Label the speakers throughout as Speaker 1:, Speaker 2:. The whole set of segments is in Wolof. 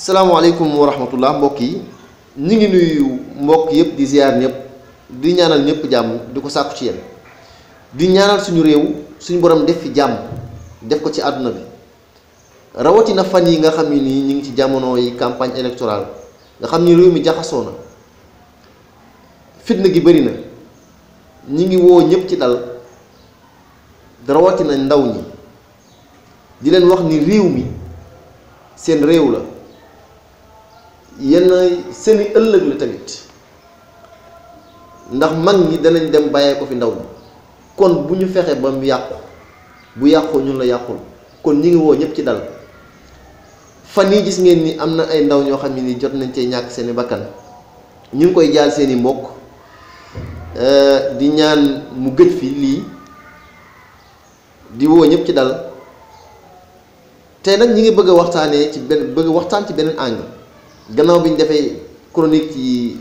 Speaker 1: Assalamualaikum warahmatullah rahmatullah mbokk yi ñu ngi nuyu mbokk yëpp di ziar ñëpp di ñaanal ñëpp jàmm di ko ci yéen di ñaanal suñu réew suñu borom def fi jàmm def ko ci bi rawatina fan yi nga xam ne nii ngi ci jamono yi campagne électorale nga xam réew mi jaxasoo na fitna gi bëri na ñu ngi wo ñëpp ci dal rawatina ndaw ñi di leen wax ni réew mi seen réew la yenn seni ëllëg la tamit ndax mag ñi danañ dem bàyyee ko fi ndaw kon bu ñu fexe ba mu yàqu bu yàqoo ñun la yàqul kon ñi ngi woo ñëpp ci dal fan gis ngeen ni amna na ay ndaw ñoo xam ne ni jot nañ cee ñàkk seeni bakkan ñu ngi koy jaal seeni mbokk euh, di ñaan mu gëj fi lii di woo ñëpp ci dal tey nag ñi ngi bëgg a ci bëgg waxtaan ci beneen angle gannaaw bi ñu defee chronique yi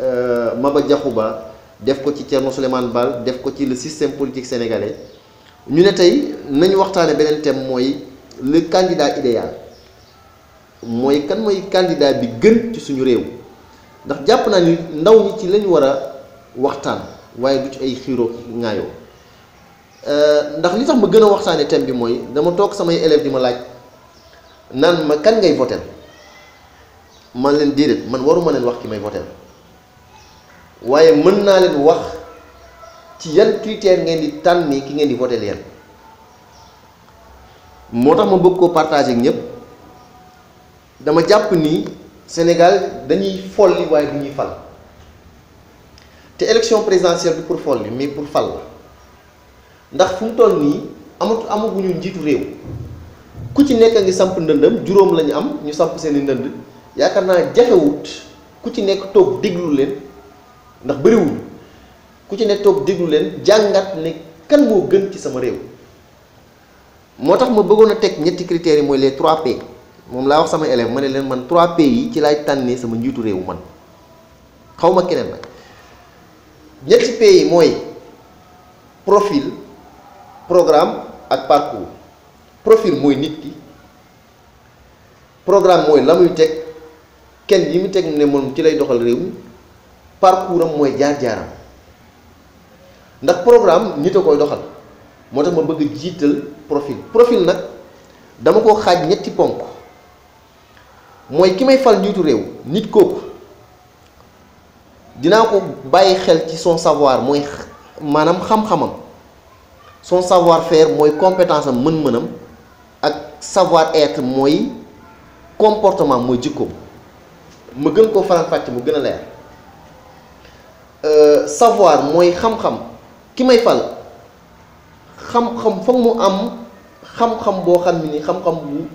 Speaker 1: euh, Maba jaxu Ba def ko ci Thierno Souleymane Baal def ko ci le système politique sénégalais ñu ne tey nañu waxtaane beneen tem mooy le candidat idéal mooy kan mooy candidat bi gën ci suñu réew ndax jàpp naa ni ndaw ñi ci lañu war a waxtaan waaye du ci ay xiiroo ŋaayoo euh, ndax li tax ma gën a waxtaane tem bi mooy dama toog samay élèves di ma laaj naan ma kan ngay voter man leen déedéet man waruma leen wax ki may voteel waaye mën naa leen wax ci yan critère ngeen di tànni ki ngeen di voteel yeen moo tax ma bëgg koo partager ak ñëpp dama jàpp ni Sénégal dañuy folli waaye du ñuy fal te élection présidentielle du pour folli mais pour fal la ndax fu mu toll nii amatu amaguñu njiitu réew ku ci nekk ngi samp ndëndam juróom lañu am ñu samp seeni ndënd yaakaar naa jafewut ku ci nekk toog déglu leen ndax bëriwul ku ci nekk toog déglu leen jàngat ne kan moo gën ci sama réew moo tax ma bëggoon a teg ñetti critères yi mooy les 3 P moom laa wax sama élève ma ne leen man 3 P yi ci laay tànnee sama njiitu réew man xaw ma keneen nag ñetti P yi mooy profil programme ak parcours profil mooy nit ki programme mooy la muy teg kenn yi mu teg ne moom ci lay doxal réew mi parcours am mooy jaar-jaaram ndax programme nit a koy doxal moo tax ma bëgg jiital profil profil nag dama ko xaaj ñetti ponk mooy ki may fal njiitu réew nit kooku dinaa ko bàyyi xel ci son savoir mooy maanaam xam-xamam son savoir fair mooy compétence am mën-mënam ak savoir-être mooy comportement mooy jikkoom ma gën koo faram-fàcce mu gën a leer euh, savoir mooy xam-xam ki may fal xam-xam foog mu am xam-xam boo xam ni xam-xam bu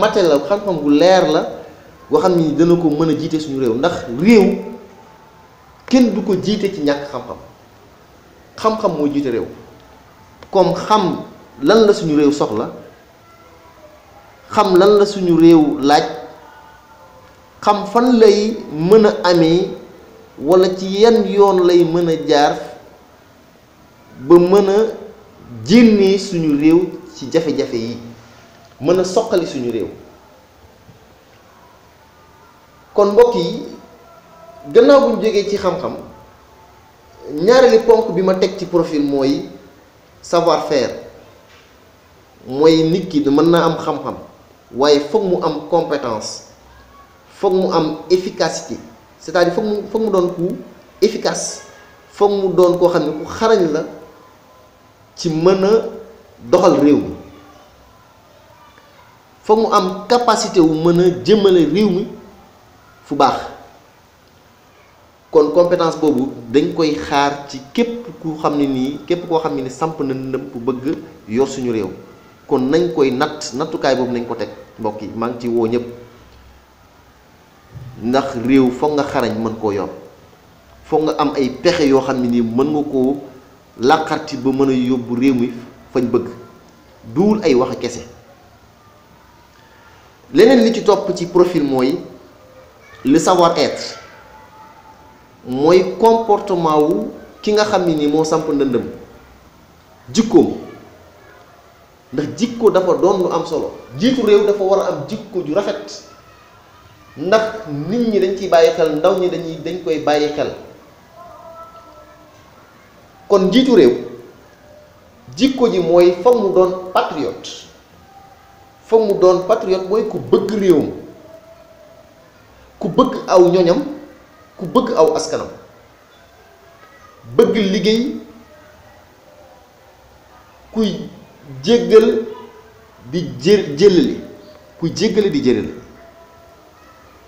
Speaker 1: mate la xam-xam bu leer la boo xam ni dana ko mën a jiite suñu réew ndax réew kenn du ko jiite ci ñàkk xam-xam xam-xam moo jiite réew comme xam lan la suñu réew soxla xam lan la suñu réew laaj. xam fan lay mën a ame walla ci yan yoon lay mën a jaar ba mën a génnee suñu réew ci jafe-jafe yi mën a soqali suñu réew kon mbokk yi gannaaw bu jógee ci xam-xam ñaareeli ponk bi ma teg ci profil mooy savoir faire mooy nit ki mën naa am xam-xam waaye foog mu am compétence foog mu am efficacité c'est-à-dire foog mu foog mu doon ku efficace foog mu doon koo xam ku xarañ la ci mën doxal réew mi mu am capacité wu mën a jëmale réew mi fu baax kon compétence boobu dañ koy xaar ci képp ku xam ne nii képp koo xam ne ni samp na ndëm bu bëgg yor suñu réew kon nañ koy natt nattukaay boobu nañ ko teg mbokk yi ngi ci ñëpp ndax réew foog nga xarañ mën koo nga am ay pexe yoo xam ne nii mën nga koo làqarti ba mën a yóbbu mi fañ bëgg duul ay wax kese leneen li ci topp ci profil moy, le savoir être moy comportement wu ki nga xam ne nii samp ndëndëm jikkoom ndax jikko dafa doon lu am solo jiitu réew dafa wara am jikko ju rafet ndax nit ñi dañ ciy bàyyi xel ndaw ñi dañuy dañ koy bàyyi xel kon njiitu réew jikko ji mooy foog mu doon patriote foog mu doon patriote mooy ku bëgg réewam ku bëgg aw ñoñam ku bëgg aw askanam bëgg liggéey kuy jéggal di jë jëlali kuy jéggale di jëlali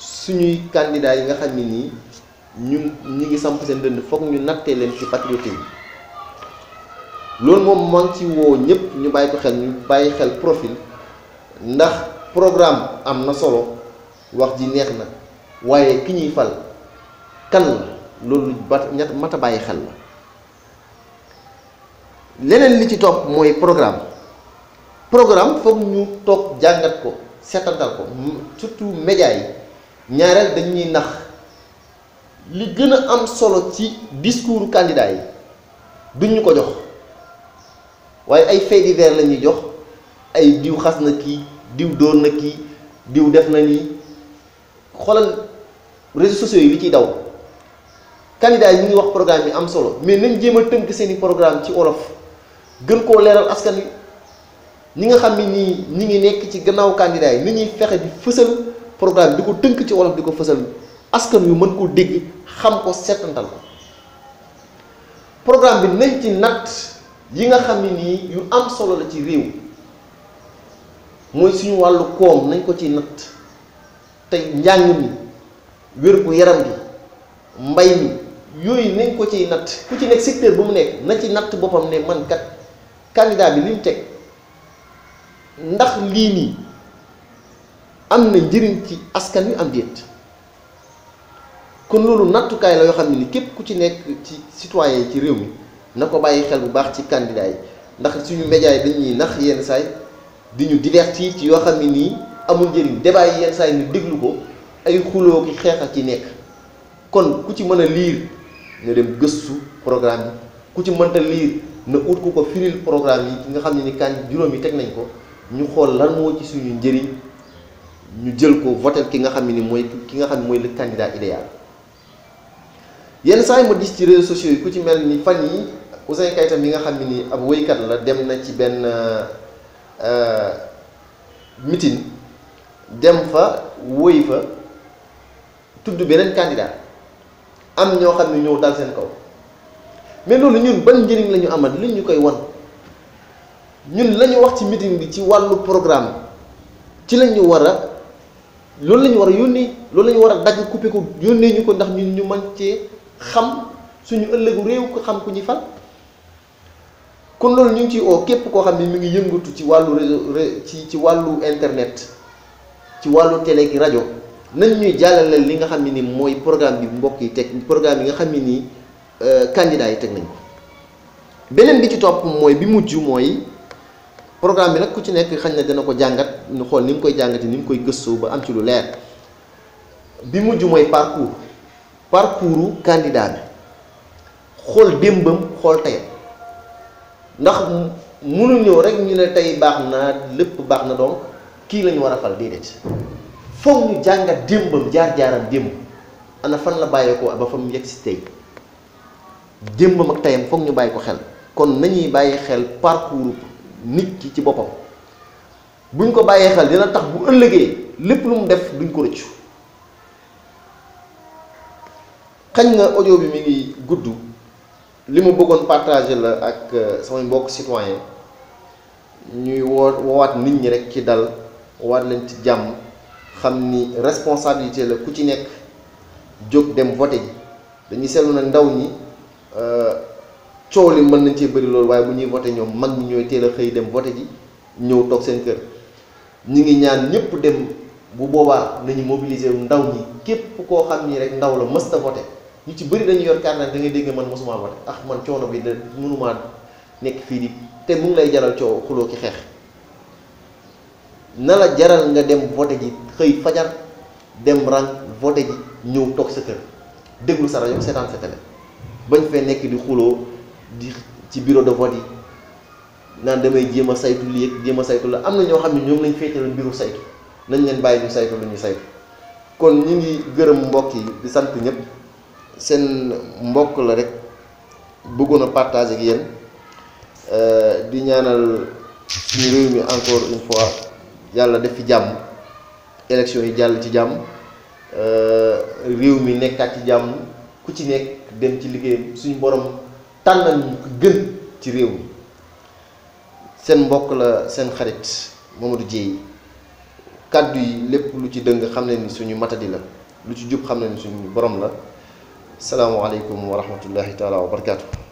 Speaker 1: suñuy candidat yi nga xam ne nii ñu ñu ngi samp seen dënd foog ñu nattee leen ci patriotisme loolu moom maa ngi ci woo ñëpp ñu bàyyi ko xel ñu bàyyi xel profil ndax programme am na solo wax ji neex na waaye ki ñuy fal kan la loolu ba ñett mat a bàyyi xel la leneen li ci topp mooy programme programme foog ñu toog jàngat ko seetantal ko surtout média yi ñaareel dañ ñuy nax li gën a am solo ci discours candidat yi duñ ko jox waaye ay faits divers la ñuy jox ay diw xas na kii diw dóor na kii diw def na nii xoolal réseaux sociaux yi li ciy daw candidat yi ñu ngi wax programme yi am solo mais nañ jéem a tënk seeni programme ci wolof gën koo leeral askan wi ñi nga xam ni ñi ñi ngi nekk ci gannaaw candidat yi ni ñuy fexe di fësal programme di ko tënk ci wolof di ko fësal askan yu mën koo dégg xam ko seetantal ko programme bi nañ ci natt yi nga xam ne nii yu am solo la ci réew mooy suñu wàllu koom nañ ko ci natt tey njàng mi wér gu yaram bi mbay mi yooyu nañ ko ciy natt ku ci nekk secteur bu mu nekk na ci natt boppam ne man kat candidat bi li teg ndax lii nii am na njëriñ ci askan wi am déet kon loolu nattukaay la yoo xam ne ni képp ku ci nekk ci citoyen yi ci réew mi na ko bàyyi xel bu baax ci candidat yi ndax suñu média yi dañuy nax yenn saay di ñu divertir ci yoo xam ne nii amul njëriñ débat yenn saay ñu déglu ko ay xuloo ki xeex a ci nekk kon ku ci mën a liir na dem gëstu programme ku ci mënta liir na ut ko ko firil programme yi ki nga xam ne ni kan juróom yi teg nañ ko ñu xool lan moo ci suñu njëriñ ñu jël ko votel ki nga xam ni mooy ki nga xam mooy le candidat idéal yenn saa yi ma gis ci réseaux sociaux yi ku ci mel ni fan yi Ouzin mi nga xam ni ab la dem na ci benn euh, meeting dem fa woy fa tudd beneen candidat am ñoo xam ne ñëw dal seen kaw mais loolu ñun ban njëriñ la ñu amal ñu koy wan ñun la ñu wax ci meeting bi ci wàllu programme ci ñu war a loolu la war a yónnee loolu la war a dagg coupé ko yónnee ñu ko ndax ñun ñu man cee xam suñu ëllëgu réew ko xam ku ñuy fan kon loolu ñu ngi oo képp koo xam ne mi ngi yëngatu ci wàllu réseau ci wàllu internet ci wàllu télé gi rajo nañ ñuy jàllale li nga xam ne ni mooy programme bi mbokk yi teg programme bi nga xam ne nii euh, candidats yi teg nañ ko beneen bi ci topp mooy bi mujj mooy. programme bi nag ku ci nekk xañ na dina ko jàngat ñu xool ni mu koy jàngati ni mu koy gëstoo ba am ci lu leer bi mujj mooy parcours parcoursu candidat bi xool démbam xool tey ndax mënu ñëw rek ñu ne tey baax na lépp baax na donc kii lañu war a fal déedéet foog ñu jàngat démbam jaar-jaaram démb ana fan la bàyyeekoo ba fa mu yegg si tey démbam ak teyam foog ñu bàyyi ko xel kon nañuy bàyyi xel parcours. nit ki ci boppam buñ ko bàyyee xel dina tax bu ëllëgee lépp lu mu def duñ ko rëccu xañ na audio bi mi ngi gudd li ma bëggoon partager la ak euh, samay mbokk citoyen ñuy woo woowaat nit ñi rek ci dal woowaat leen ci jàmm xam ni responsabilité la ku ci nekk jóg dem voté ji dañuy seetlu nag ndaw ñi euh, coow li mën nañ cee bari loolu waaye bu ñuy voté ñoom mag ñi ñooy teel a xëy dem voté ji ñëw toog seen kër ñi ngi ñaan ñëpp dem bu boobaa nañu mobiliser ndaw ñi képp ko xam ni rek ndaw la mës ta voté ñu ci bëri dañu yor carte da ngay dégg man mësuma voté ah man coono bi da mënumaa nekk fii di te mu ngi jaral coow xuloo ki xeex na la jaral nga dem voté ji xëy fajar dem rang voté ji ñëw toog sa kër déglu sa rajo seetaan sa télé bañ fee nekk di xuloo di ci bureau de vote yi naan damay jéem a saytu lii ak jéem a saytu la am na ñoo xam ne ñoom lañ féetaloon mbiru saytu nañ leen bàyyi ñu saytu lu ñu saytu kon ñu ngi gërëm mbokk yi di sant ñëpp seen mbokk la rek bëggoon a partager ak yéen euh, di ñaanal suñu réew mi encore une fois yàlla def fi jàmm élection yi jàll ci jàmm euh, réew mi nekkaat ci jàmm ku ci nekk dem ci liggéeyam suñu borom. tànnal ñu ko gën ci réew mi seen mbokk la seen xarit Mamadou Dieye kàddu yi lépp lu ci dëng xam ne ni suñu matadi la lu ci jub xam ne ni suñu borom la salaamualeykum wa rahmatullahi taala wa barakaatu.